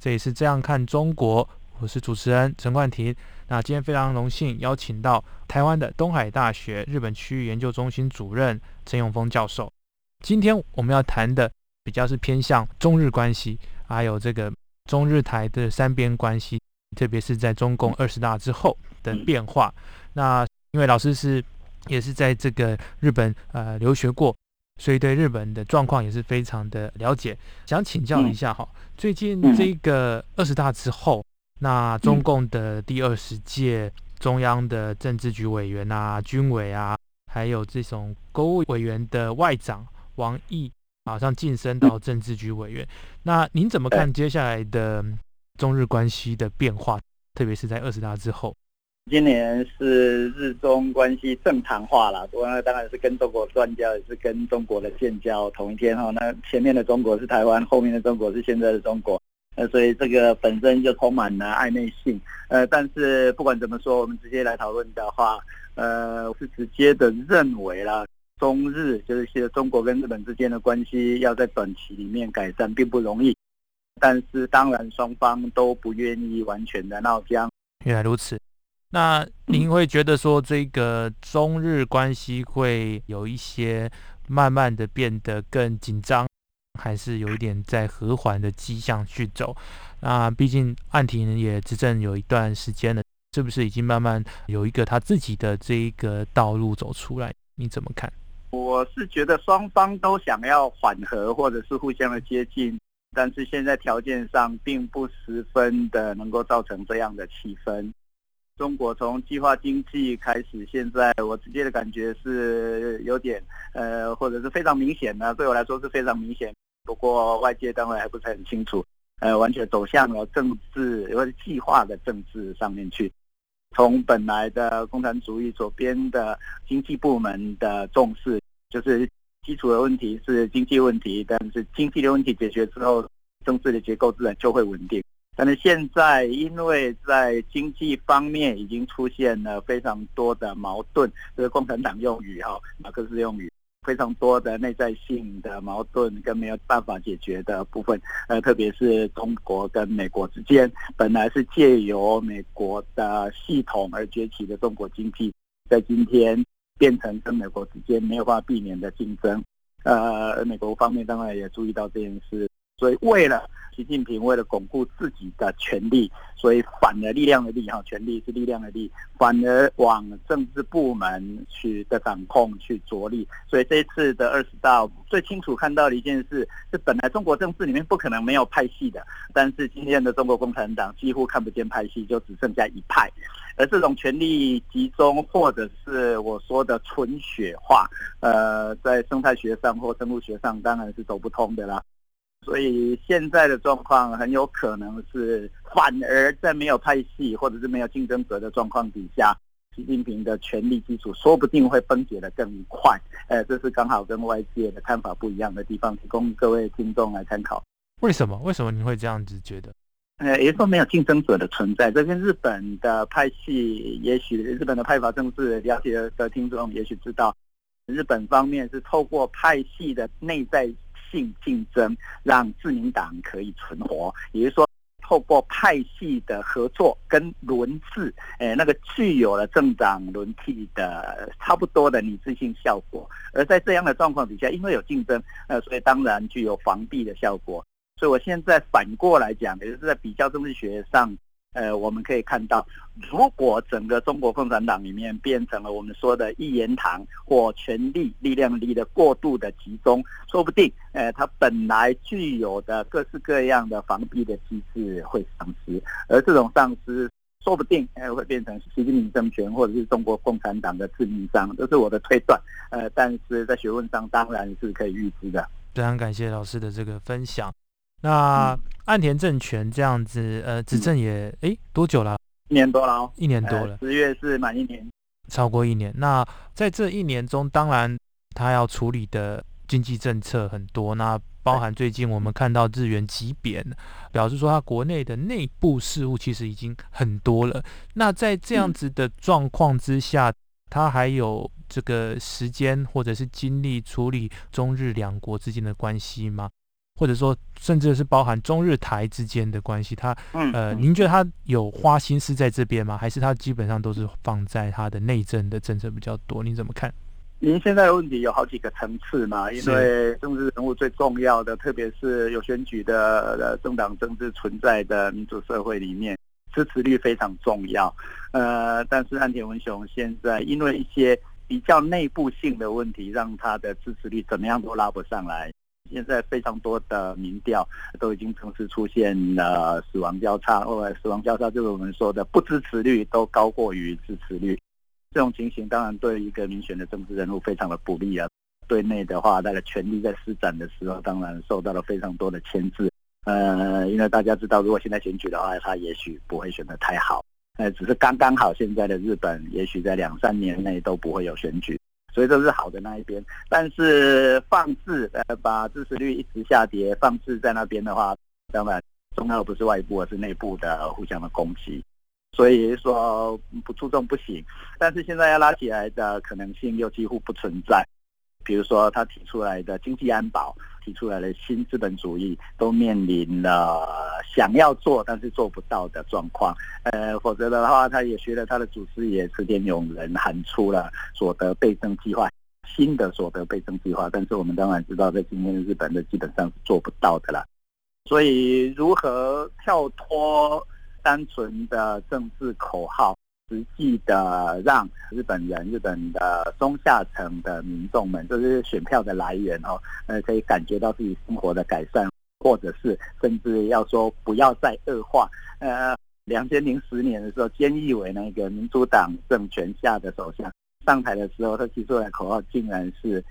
這裡是這樣看中國，我是主持人陳冠廷。那今天非常榮幸邀請到台灣的東海大學日本區域研究中心主任陳永峰教授。今天我們要談的比較是偏向中日關係，還有這個中日台的三邊關係，特別是在中共二十大之後的變化。那因為老師是也是在這個日本呃留學過。所以對日本的狀況也是非常的了解，想請教一下哈，最近這個二十大之後，那中共的第二十屆中央的政治局委員啊、軍委啊，還有這種國務委員的外長王毅，好像晉升到政治局委員，那您怎麼看接下來的中日關係的變化，特別是在二十大之後？今年是日中關係正常化了，當然，當然是跟中國斷交，也是跟中國的建交同一天哈。那前面的中國是台灣，後面的中國是現在的中國，呃，所以這個本身就充滿了曖昧性。呃，但是不管怎麼說，我們直接來討論的話，呃，我是直接的認為了，中日就是其實中國跟日本之間的關係要在短期裡面改善並不容易，但是當然雙方都不願意完全的鬧僵。原來如此。那您會覺得說這個中日關係會有一些慢慢的變得更緊張，還是有一點在和緩的跡象去走？那畢竟岸田也執政有一段時間了，是不是已經慢慢有一個他自己的這個道路走出來？你怎麼看？我是覺得雙方都想要緩和，或者是互相的接近，但是現在條件上並不十分的能夠造成這樣的氣氛。中國從計劃經濟開始，現在我直接的感覺是有點，呃，或者是非常明顯的，啊，對我來說是非常明顯。不過外界當然還不是很清楚，呃，完全走向了政治，或者計劃的政治上面去，從本來的共產主義左邊的經濟部門的重視，就是基礎的問題是經濟問題，但是經濟的問題解決之後，政治的結構自然就會穩定。但是現在，因為在經濟方面已經出現了非常多的矛盾，這、就是共產黨用語哈，馬克思用語，非常多的內在性的矛盾跟沒有辦法解決的部分。呃，特別是中國跟美國之間，本來是借由美國的系統而崛起的中國經濟，在今天變成跟美國之間沒有辦法避免的競爭。呃，美國方面當然也注意到這件事。所以，為了習近平，為了鞏固自己的權力，所以反了力量的力哈，權力是力量的力，反而往政治部門去的掌控去着力。所以這一次的二十大，最清楚看到的一件事是，本來中國政治裡面不可能沒有派系的，但是今天的中國共產黨幾乎看不見派系，就只剩下一派。而這種權力集中，或者是我說的純血化，呃，在生態學上或生物學上，當然是走不通的啦。所以現在的狀況很有可能是，反而在沒有派系或者是沒有競爭者的狀況底下，習近平的權力基礎說不定會分解得更快。呃，這是剛好跟外界的看法不一樣的地方，提供各位聽眾來參考。為什麼？為什麼你會這樣子覺得？呃，也說，沒有競爭者的存在，這跟日本的派系，也許日本的派閥政治了解的聽眾也許知道，日本方面是透過派系的內在，競競爭讓自民黨可以存活，也就是說，透過派系的合作跟輪次，哎、呃，那個具有了政黨輪替的差不多的擬制性效果。而在這樣的狀況底下，因為有競爭，呃，所以當然具有防弊的效果。所以我現在反過來講，也就是在比較政治學上。呃，我們可以看到，如果整個中國共產黨裡面變成了我們說的一言堂或權力力量力的過度的集中，說不定，呃，它本來具有的各式各樣的防弊的機制會喪失，而這種喪失，說不定還會變成習近平政權或者是中國共產黨的致命傷，這是我的推斷。呃，但是在學問上當然是可以預知的。非常感謝老師的這個分享。那岸田政權這樣子，呃，執政也，誒、欸，多久了？一年多了哦，一年多了。十月是滿一年，超過一年。那在這一年中，當然他要處理的經濟政策很多，那包含最近我們看到日元急貶，表示說他國內的內部事務其實已經很多了。那在這樣子的狀況之下，他還有這個時間或者是精力處理中日兩國之間的關係嗎？或者說，甚至是包含中日台之間的關係，他呃、嗯，您覺得他有花心思在這邊嗎？還是他基本上都是放在他的內政的政策比較多？您怎麼看？您現在問題有好幾個層次嘛，因為政治人物最重要的，特別是有選舉的政黨政治存在的民主社會裡面，支持率非常重要。呃，但是岸田文雄現在因為一些比較內部性的問題，讓他的支持率怎麼樣都拉不上來。現在非常多的民調都已經同時出現了、呃、死亡交叉，後、呃、來死亡交叉就是我們說的不支持率都高過於支持率，這種情形當然對一個民選的政治人物非常的不利啊。對內的話，他的權力在施展的時候，當然受到了非常多的牽制。呃，因為大家知道，如果現在選舉的話，他也許不會選得太好。呃，只是剛剛好，現在的日本也許在兩三年內都不會有選舉。所以這是好的那一邊，但是放置呃、把支持率一直下跌放置在那邊的話，當然，重要不是外部而是內部的互相的攻擊，所以說不注重不行，但是現在要拉起來的可能性又幾乎不存在，比如說他提出來的經濟安保。提出來的新資本主義都面臨了想要做但是做不到的狀況，呃，否則的話，他也學了他的祖師爺池田勇人喊出了所得倍增計劃，新的所得倍增計劃，但是我們當然知道，在今天的日本，這基本上是做不到的了。所以，如何跳脫單純的政治口號？實際的讓日本人、日本的中下層的民眾們，就是選票的來源哦，呃，可以感覺到自己生活的改善，或者是甚至要說不要再惡化。呃，2010年的時候，菅義偉那個民主黨政權下的首相上台的時候，他提出來的口號竟然是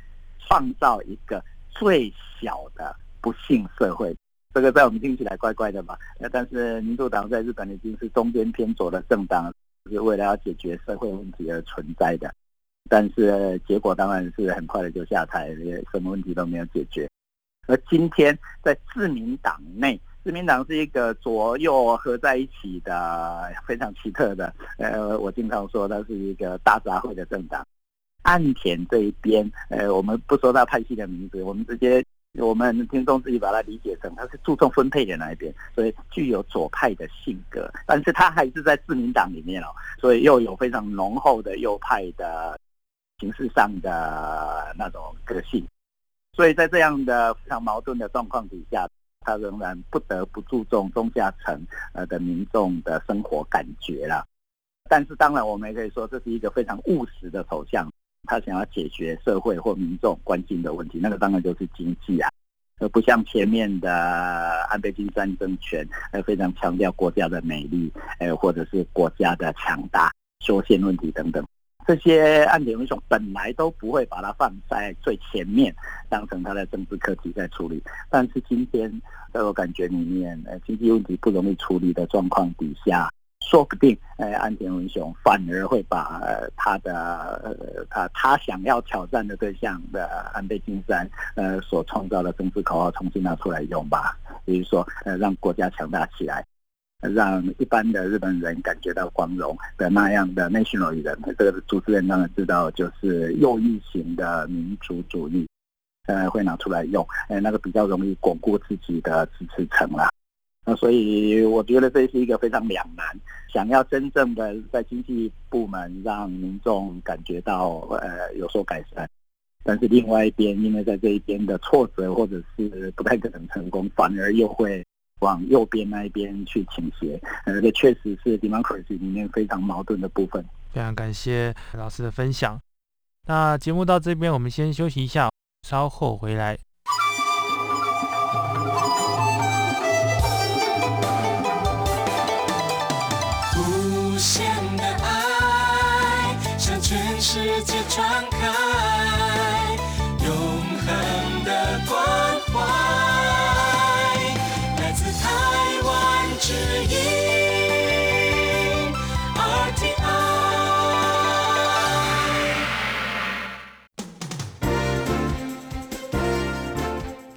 創造一個最小的不幸社會。這個在我們聽起來怪怪的吧，呃，但是民主黨在日本已經是中間偏左的政黨了。是為了要解決社會問題而存在的，但是結果當然是很快的就下台，也什麼問題都沒有解決。而今天在自民黨內，自民黨是一個左右合在一起的非常奇特的，呃，我經常說它是一個大雜燴的政黨。岸田這一邊，呃，我們不說到派系的名字，我們直接。我們聽眾自己把它理解成，他是注重分配的那一邊，所以具有左派的性格。但是他還是在自民黨裡面哦，所以又有非常濃厚的右派的形式上的那種個性。所以在這樣的非常矛盾的狀況底下，他仍然不得不注重中下層呃的民眾的生活感覺啦。但是當然，我們也可以說，這是一個非常務實的首相。他想要解決社會或民眾關心的問題，那個當然就是經濟啊，而不像前面的安倍晉三政權，哎，非常強調國家的美麗，哎，或者是國家的強大、修憲問題等等，這些岸田文雄本來都不會把它放在最前面，當成他的政治課題在處理。但是今天在我感覺裡面，經濟問題不容易處理的狀況底下。說不定，哎，安田文雄反而會把、呃、他的呃他，他想要挑戰的對象的安倍晉三，呃，所創造的政治口號重新拿出來用吧，比如說，呃，讓國家強大起來，讓一般的日本人感覺到光榮的那樣的 nationalism，這個主持人當然知道，就是右翼型的民族主，主義，呃，會拿出來用，呃，那個比較容易鞏固自己的支持層啦。所以我覺得這是一個非常兩難，想要真正的在經濟部門讓民眾感覺到呃有所改善，但是另外一邊因為在這一邊的挫折或者是不太可能成功，反而又會往右邊那一邊去傾斜，呃，這確實是 democracy 裡面非常矛盾的部分。非常感謝老師的分享。那節目到這邊，我們先休息一下，稍後回來。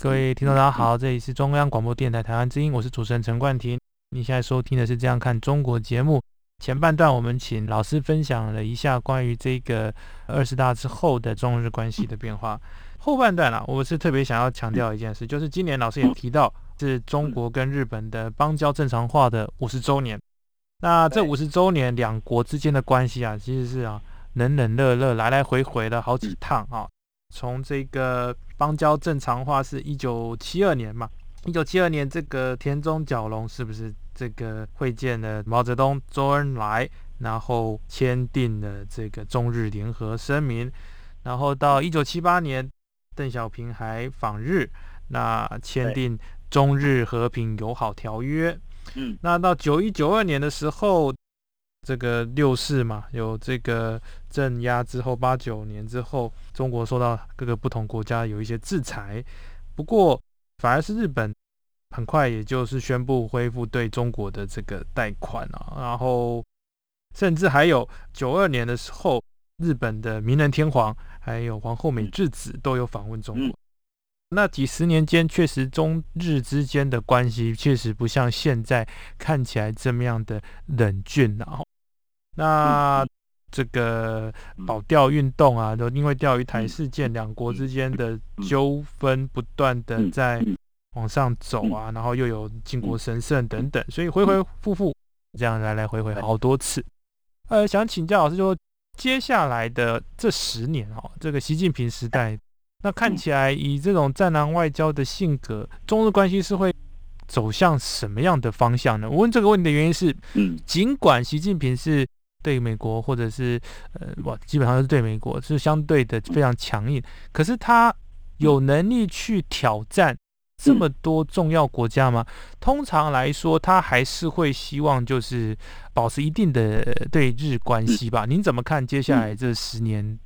各位聽眾，大家好，這裡是中央廣播電台台灣之音，我是主持人陳冠廷。你現在收聽的是《這樣看中國》節目。前半段我們請老師分享了一下關於這個二十大之後的中日關係的變化。後半段啊，我是特別想要強調一件事，就是今年老師也提到是中國跟日本的邦交正常化的五十週年。那這五十週年兩國之間的關係啊，其實是啊，冷冷熱熱，來來回回的好幾趟啊。從這個邦交正常化是一九七二年嘛，一九七二年這個田中角榮是不是這個會見了毛澤東、周恩來，然後簽訂了這個中日聯合聲明，然後到一九七八年鄧小平還訪日，那簽訂中日和平友好條約，嗯，那到九一九二年的時候。這個六四嘛，有這個鎮壓之後，八九年之後，中國受到各個不同國家有一些制裁，不過反而是日本很快也就是宣布恢復對中國的這個貸款啊，然後甚至還有九二年的時候，日本的明仁天皇還有皇后美智子都有訪問中國，那幾十年間確實中日之間的關係確實不像現在看起來這麼樣的冷峻啊，那這個保釣運動啊,就因為釣魚台事件，兩國之間的糾紛不斷的在往上走啊，然後又有靖國神社等等，所以回回覆覆這樣來來回回好多次。呃，想請教老師就接下來的這十年哈、哦，這個習近平時代，那看起來以這種戰狼外交的性格，中日關係是會走向什麼樣的方向呢？我問這個問題的原因是，儘管習近平是對美國，或者是呃，不，基本上是對美國，是相對的非常強硬。可是他有能力去挑戰這麼多重要國家嗎？嗯、通常來說，他還是會希望就是保持一定的對日關係吧。嗯、您怎麼看接下來這十年？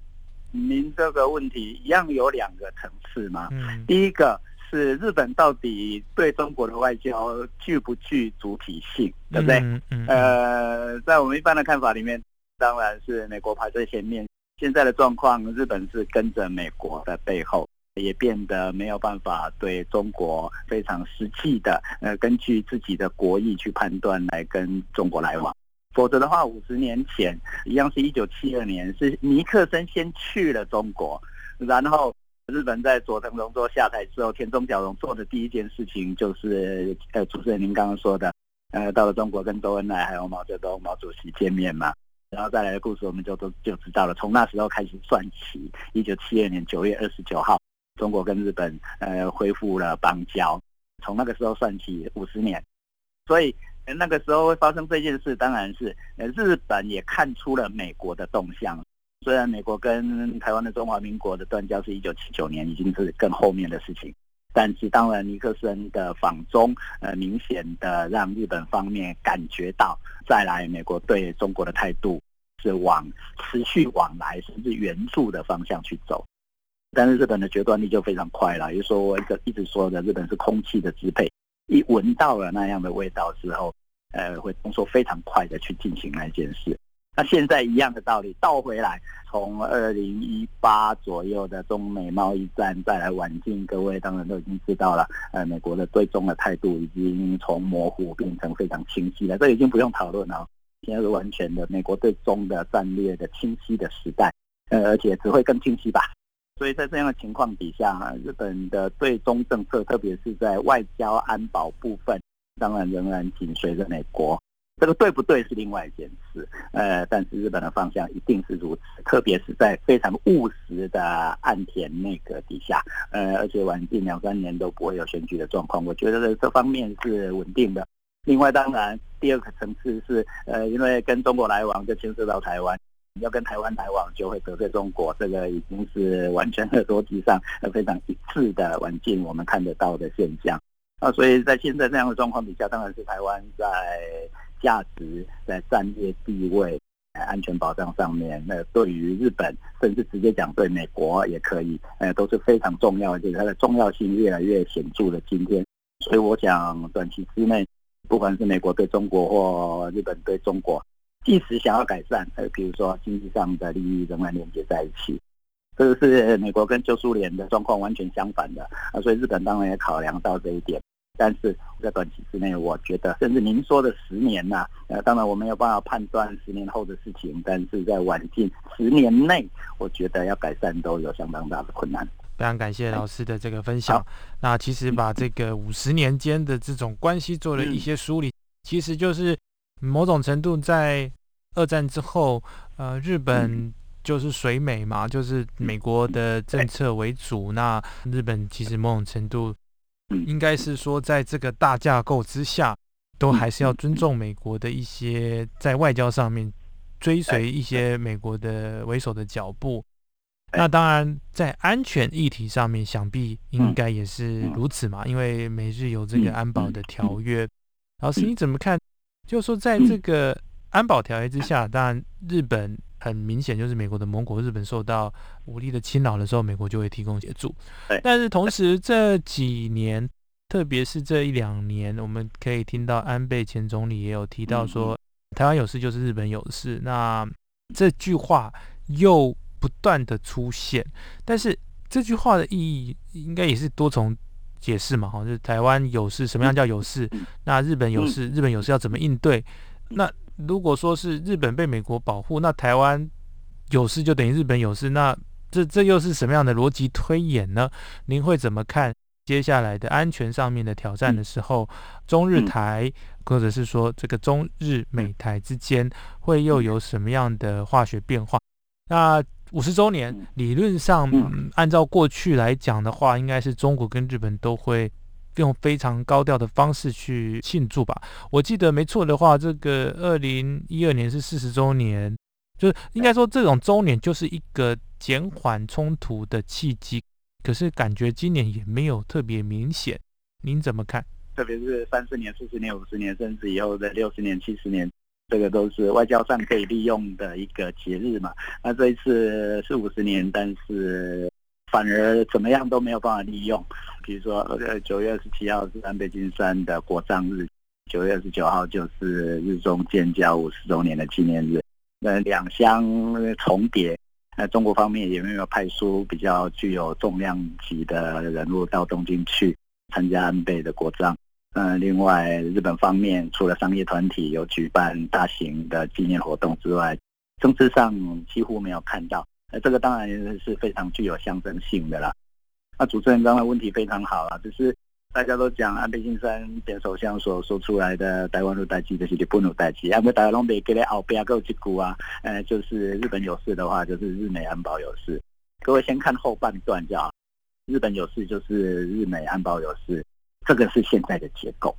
您這個問題一樣有兩個層次嘛？嗯，第一個。是日本到底對中國的外交具不具主體性，對不對？嗯嗯、呃，在我們一般的看法裡面，當然是美國排在前面。現在的狀況，日本是跟着美國的背後，也變得沒有辦法對中國非常實際的，呃，根據自己的國益去判斷來跟中國來往。否則的話，五十年前一樣，是一九七二年，是尼克森先去了中國，然後。日本在佐藤榮作下台之後，田中角榮做的第一件事情就是，呃，主持人您剛剛說的，呃，到了中國跟周恩來還有毛澤東、毛主席見面嘛，然後再來的故事我們就都就知道了。從那時候開始算起，一九七二年九月二十九號，中國跟日本呃恢復了邦交，從那個時候算起五十年，所以那個時候會發生這件事，當然是呃日本也看出了美國的動向。雖然美國跟台灣的中華民國的斷交是一九七九年，已經是更後面的事情，但是當然尼克森的訪中，呃，明顯的讓日本方面感覺到再來美國對中國的態度是往持續往來甚至援助的方向去走，但是日本的決斷力就非常快了，也就是說我一個一直說的日本是空氣的支配，一聞到了那樣的味道之後，呃，會動作非常快的去進行那件事。那現在一樣的道理倒回來，從二零一八左右的中美貿易戰再來晚近，各位當然都已經知道了。呃，美國的對中的態度已經從模糊變成非常清晰了，這已經不用討論了，現在是完全的美國對中的戰略的清晰的時代。呃，而且只會更清晰吧。所以在這樣的情況底下，日本的對中政策，特別是在外交安保部分，當然仍然緊隨着美國。這個對不對是另外一件事，呃，但是日本的方向一定是如此，特別是在非常務實的岸田內閣底下，呃，而且晚近兩三年都不會有選舉的狀況，我覺得這方面是穩定的。另外，當然第二個層次是，呃，因為跟中國來往就牽涉到台灣，要跟台灣來往就會得罪中國，這個已經是完全的邏輯上非常一致的晚近我們看得到的現象。那、呃、所以在現在這樣的狀況底下，當然是台灣在。價值在戰略地位、安全保障上面，那對於日本，甚至直接講對美國也可以，呃，都是非常重要的，就是它的重要性越來越顯著的今天，所以我想短期之內，不管是美國對中國或日本對中國，即使想要改善，呃，比如說經濟上的利益仍然連接在一起，這是美國跟舊蘇聯的狀況完全相反的啊，所以日本當然也考量到這一點。但是在短期之內，我覺得，甚至您說的十年吶，呃，當然我沒有辦法判斷十年後的事情，但是在晚近十年內，我覺得要改善都有相當大的困難。非常感謝老師的這個分享。那其實把這個五十年間的這種關係做了一些梳理，嗯，其實就是某種程度在二戰之後，呃，日本就是隨美嘛，就是美國的政策為主，嗯，那日本其實某種程度。應該是說，在這個大架構之下，都還是要尊重美國的一些，在外交上面追隨一些美國的為首的腳步。那當然，在安全議題上面，想必應該也是如此嘛，因為美日有這個安保的條約。老師，你怎麼看？就是說在這個安保條約之下，當然日本。很明顯，就是美國的盟國日本受到武力的侵擾的時候，美國就會提供協助。但是同時這幾年，特別是這一兩年，我們可以聽到安倍前總理也有提到說，台灣有事就是日本有事。那這句話又不斷的出現，但是這句話的意義應該也是多重解釋嘛？好像是台灣有事什麼樣叫有事？那日本有事，日本有事要怎麼應對？那？如果說是日本被美國保護，那台灣有事就等於日本有事，那這這又是什麼樣的邏輯推演呢？您會怎麼看接下來的安全上面的挑戰的時候，中日台，或者是說這個中日美台之間會又有什麼樣的化學變化？那五十周年理論上，嗯，按照過去來講的話，應該是中國跟日本都會。用非常高調的方式去慶祝吧。我記得沒錯的話，這個二零一二年是四十周年，就是應該說這種周年就是一個減緩衝突的契機。可是感覺今年也沒有特別明顯，您怎麼看？特別是三四年、四十年、五十年，甚至以後的六十年、七十年，這個都是外交上可以利用的一個節日嘛。那這一次是五十年，但是反而怎麼樣都沒有辦法利用。比如說，呃，九月二十七號是安倍晉三的國葬日，九月二十九號就是日中建交五十周年的紀念日，那兩相重疊，那中國方面也沒有派出比較具有重量級的人物到東京去參加安倍的國葬。嗯，另外，日本方面除了商業團體有舉辦大型的紀念活動之外，政治上幾乎沒有看到。那這個當然是非常具有象徵性的啦。那主持人剛才問題非常好了、啊，就是大家都講安倍晉三前首相所說出來的“台灣有事，就是你、啊、日本有事”，啊，不然大家都不記得後邊還有一句啊！呃，就是日本有事的話，就是日美安保有事。各位先看後半段就好，日本有事就是日美安保有事，這個是現在的結構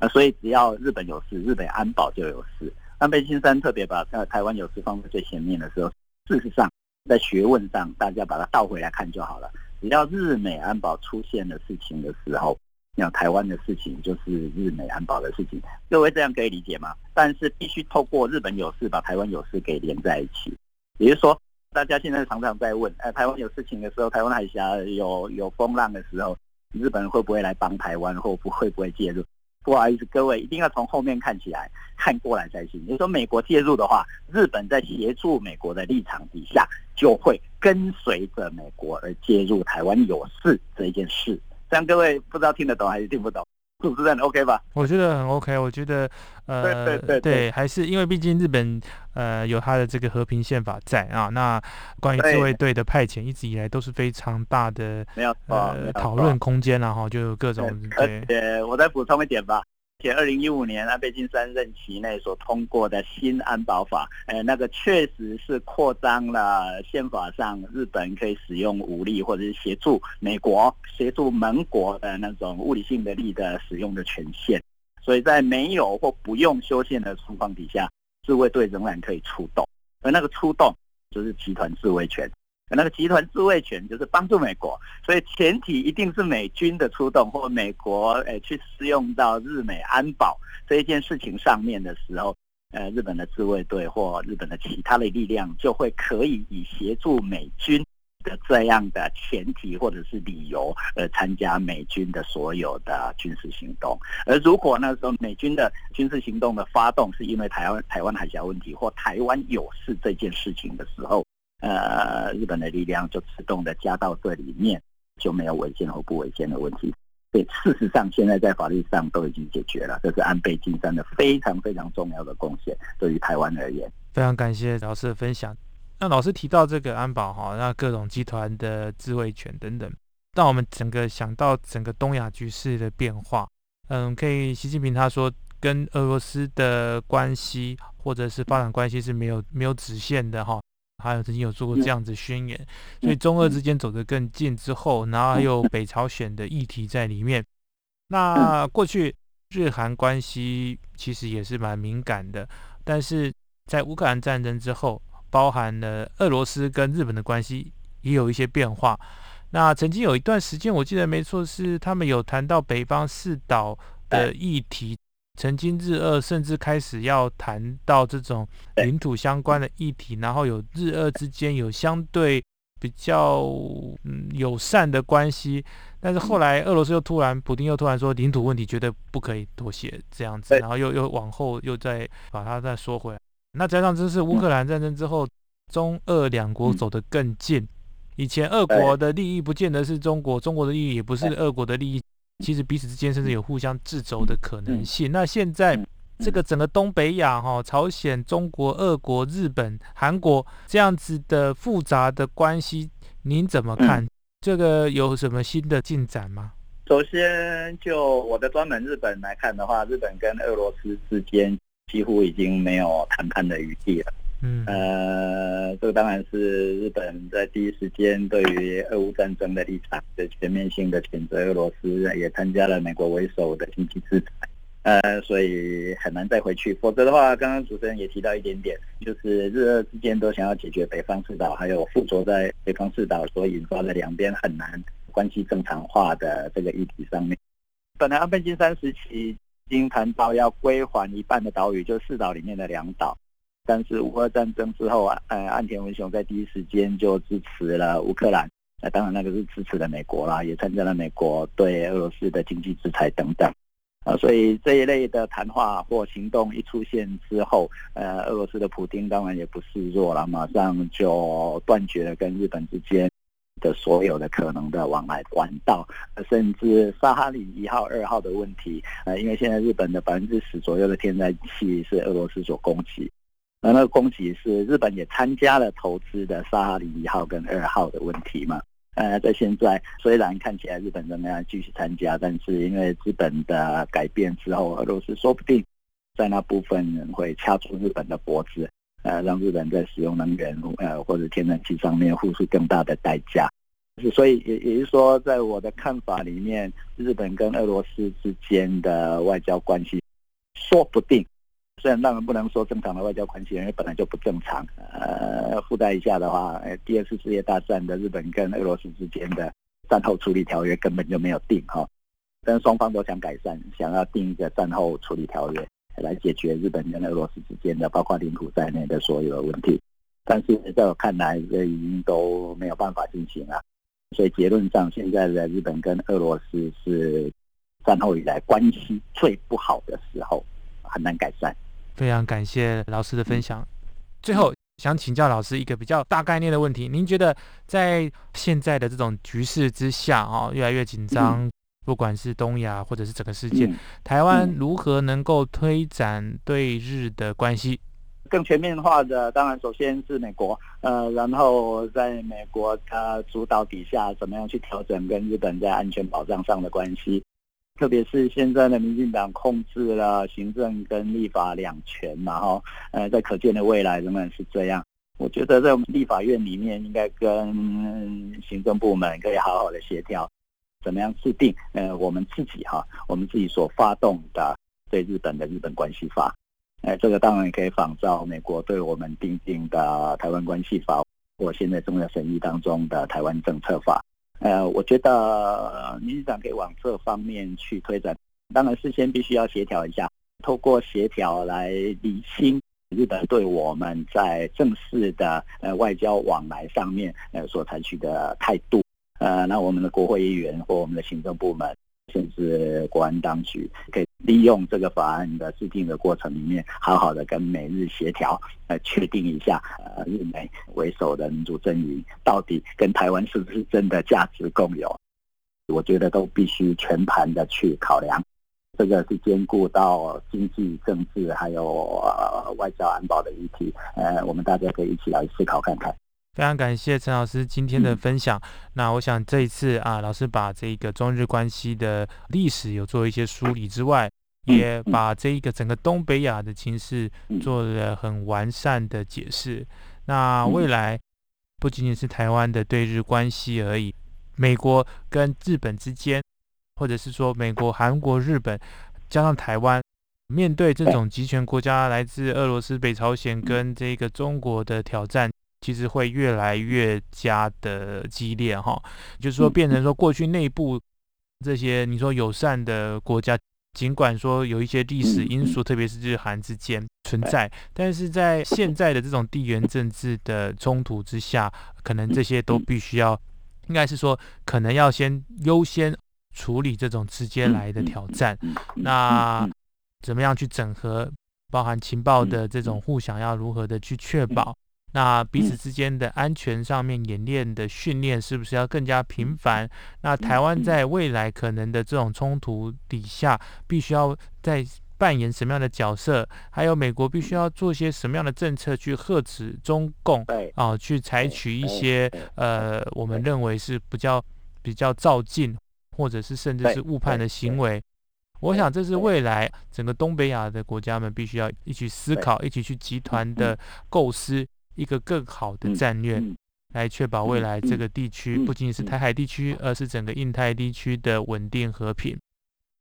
啊。所以只要日本有事，日本安保就有事。安倍晉三特別把呃、啊、台灣有事放在最前面的時候，事實上在學問上，大家把它倒回來看就好了。只要日美安保出現的事情的時候，那台灣的事情就是日美安保的事情，各位這樣可以理解嗎？但是必須透過日本有事把台灣有事給連在一起。也就是說，大家現在常常在問，哎，台灣有事情的時候，台灣海峽有有風浪的時候，日本人會不會來幫台灣，或不會不會介入？不好意思，各位一定要從後面看起來看過來才行。如果說美國介入的話，日本在協助美國的立場底下就會。跟隨着美國而介入台灣有事這一件事，這樣各位不知道聽得懂還是聽不懂？主持人，OK 吧？我覺得很 OK。我覺得，呃，對對對，對，對，還是因為畢竟日本，呃，有他的這個和平憲法在啊。那關於自衛隊的派遣，一直以來都是非常大的、呃、沒有呃討論空間，然後就有各種。對對，而且我再補充一點吧。而且二零一五年安倍晉三任期內所通過的新安保法，呃，那個確實是擴張了憲法上日本可以使用武力或者是協助美國、協助盟國的那種物理性的力的使用的權限。所以在沒有或不用修憲的情況底下，自衛隊仍然可以出動，而那個出動就是集團自衛權。那個集團自衛權就是幫助美國，所以前提一定是美軍的出動，或美國誒去適用到日美安保這一件事情上面的時候，呃，日本的自衛隊或日本的其他的力量就會可以以協助美軍的這樣的前提或者是理由，呃，參加美軍的所有的軍事行動。而如果那時候美軍的軍事行動的發動是因為台灣台灣海峽問題或台灣有事這件事情的時候，呃，日本的力量就自動的加到這裡面，就沒有違憲或不違憲的問題。所以事實上，現在在法律上都已經解決了，這是安倍晉三的非常非常重要的貢獻，對於台灣而言。非常感謝老師的分享。那老師提到這個安保哈、哦，那各種集團的自衛權等等，但我們整個想到整個東亞局勢的變化。嗯，可以，習近平他說跟俄羅斯的關係或者是發展關係是沒有沒有直線的哈、哦。還有曾經有做過這樣子宣言，所以中俄之間走得更近之後，然後還有北朝鮮的議題在裡面。那過去日韓關係其實也是蠻敏感的，但是在烏克蘭戰爭之後，包含了俄羅斯跟日本的關係也有一些變化。那曾經有一段時間，我記得沒錯，是他們有談到北方四島的議題。曾經日俄甚至開始要談到這種領土相關的議題，然後有日俄之間有相對比較嗯友善的關係，但是後來俄羅斯又突然普丁，又突然說領土問題絕對不可以妥協這樣子，然後又又往後又再把它再說回來。那加上這是烏克蘭戰爭之後，中俄兩國走得更近。以前俄國的利益不見得是中國，中國的利益也不是俄國的利益。其實彼此之間甚至有互相掣肘的可能性。嗯嗯、那現在、嗯、這個整個東北亞，哈，朝鮮、中國、俄國、日本、韓國這樣子的複雜的關係，您怎麼看？嗯、這個有什麼新的進展嗎？首先，就我的專門日本來看的話，日本跟俄羅斯之間幾乎已經沒有談判的餘地了。嗯、呃，這個當然是日本在第一時間對於俄烏戰爭的立場的全面性的譴責，俄羅斯也參加了美國為首的經濟制裁。呃，所以很難再回去，否則的話，剛剛主持人也提到一點點，就是日俄之間都想要解決北方四島，還有附着在北方四島所引發的兩邊很難關係正常化的這個議題上面。本來安倍晉三時期已經談到要歸還一半的島嶼，就四島裡面的兩島。但是，五二戰爭之後啊，呃，岸田文雄在第一時間就支持了烏克蘭。那當然，那個是支持了美國啦，也參加了美國對俄羅斯的經濟制裁等等。啊，所以這一類的談話或行動一出現之後，呃，俄羅斯的普丁當然也不示弱了，馬上就斷絕了跟日本之間的所有的可能的往來管道，甚至薩哈里一號、二號的問題，呃，因為現在日本的百分之十左右的天然氣是俄羅斯所供給。那個供給是日本也參加了投資的薩哈林一號跟二號的問題嘛？呃，在現在雖然看起來日本仍然繼續參加，但是因為日本的改變之後，俄羅斯說不定在那部分人會掐住日本的脖子，呃，讓日本在使用能源，呃，或者天然氣上面付出更大的代價。是，所以也也就是說，在我的看法裡面，日本跟俄羅斯之間的外交關係，說不定。雖然當然不能說正常的外交關係，因為本來就不正常。呃，附帶一下的話，第二次世界大戰的日本跟俄羅斯之間的戰後處理條約根本就沒有訂哈。但雙方都想改善，想要訂一個戰後處理條約來解決日本跟俄羅斯之間的包括領土在內的所有的問題。但是在我看來，這已經都沒有辦法進行了。所以結論上，現在的日本跟俄羅斯是戰後以來關係最不好的時候，很難改善。非常感謝老師的分享。最後想請教老師一個比較大概念的問題：您覺得在現在的這種局勢之下啊，越來越緊張，嗯，不管是東亞或者是整個世界，嗯，台灣如何能夠推展對日的關係更全面化的？當然，首先是美國，呃，然後在美國他主導底下，怎麼樣去調整跟日本在安全保障上的關係？特別是現在的民進黨控制了行政跟立法兩權，然後呃，在可見的未來仍然是這樣。我覺得在我們立法院裡面，應該跟行政部門可以好好的協調，怎麼樣制定？呃，我們自己哈，我們自己所發動的對日本的《日本關係法》，哎，這個當然可以仿照美國對我們訂定的《台灣關係法》，或現在重要審議當中的《台灣政策法》。呃，我覺得呃，林市長可以往這方面去推展，當然事先必須要協調一下，通過協調來理清日本對我們在正式的呃外交往來上面呃所採取的態度。呃，那我們的國會議員或我們的行政部門。甚至國安當局可以利用這個法案的制定的過程裡面，好好的跟美日協調，來確定一下，呃，日美為首的民主陣營到底跟台灣是不是真的價值共有？我覺得都必須全盤的去考量，這個是兼顧到經濟、政治還有呃外交、安保的議題，呃，我們大家可以一起來思考看看。非常感謝陳老師今天的分享。那我想這一次啊，老師把這個中日關係的歷史有做一些梳理之外，也把這一個整個東北亞的情勢做了很完善的解釋。那未來不僅僅是台灣的對日關係而已，美國跟日本之間，或者是說美國、韓國、日本加上台灣，面對這種集權國家來自俄羅斯、北朝鮮跟這個中國的挑戰。其實會越來越加的激烈哈，就是說變成說過去內部這些你說友善的國家，儘管說有一些歷史因素，特別是日韓之間存在，但是在現在的這種地緣政治的衝突之下，可能這些都必須要，應該是說可能要先優先處理這種直接來的挑戰。那怎麼樣去整合包含情報的這種互相，要如何的去確保？那彼此之間的安全上面演練的訓練是不是要更加頻繁？那台灣在未來可能的這種衝突底下，必須要在扮演什麼樣的角色？還有美國必須要做些什麼樣的政策去遏止中共？啊，去採取一些呃，我們認為是比較比較躁進或者是甚至是誤判的行為。我想這是未來整個東北亞的國家們必須要一起思考、一起去集團的構思。一個更好的戰略，嗯嗯，來確保未來這個地區，不僅僅是台海地區，嗯嗯，而是整個印太地區的穩定和平。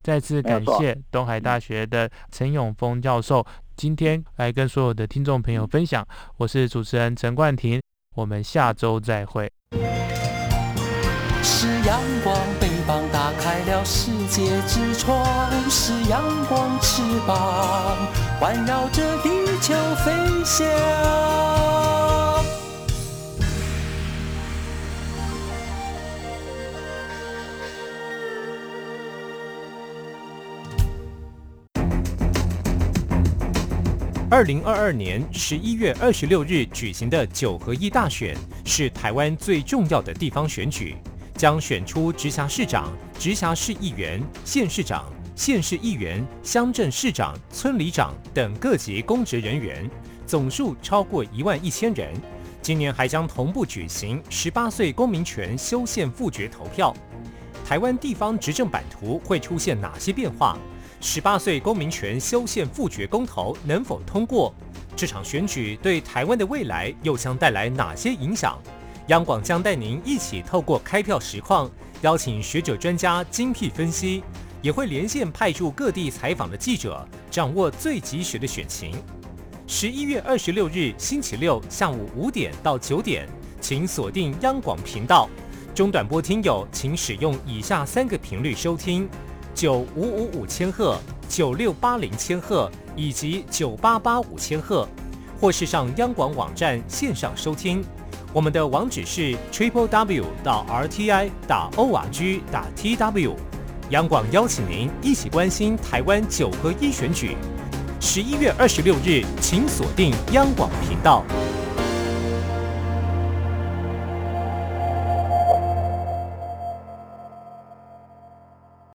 再次感謝東海大學的陳永峰教授，今天來跟所有的聽眾朋友分享。我是主持人陳冠廷，我們下周再會。是陽光北方打開了世界之窗，是陽光翅膀，環繞着地球飛翔。二零二二年十一月二十六日舉行的九合一大選是台灣最重要的地方選舉，將選出直轄市長、直轄市議員、縣市長。縣市議員、鄉鎮市長、村里長等各級公職人員總數超過一萬一千人。今年還將同步舉行十八歲公民權修憲複決投票。台灣地方執政版圖會出現哪些變化？十八歲公民權修憲複決公投能否通過？這場選舉對台灣的未來又將帶來哪些影響？央廣將帶您一起透過開票實況，邀請學者專家精闢分析。也會連線派駐各地採訪的記者，掌握最及時的選情。十一月二十六日星期六下午五點到九點，請鎖定央廣頻道。中短波聽友請使用以下三個頻率收聽：九五五五千赫、九六八零千赫以及九八八五千赫，或是上央廣網站線上收聽。我們的網址是 triple w 到 r t i 打 o r g 打 t w。央廣邀請您一起關心台灣九合一選舉。十一月二十六日，請鎖定央廣頻道。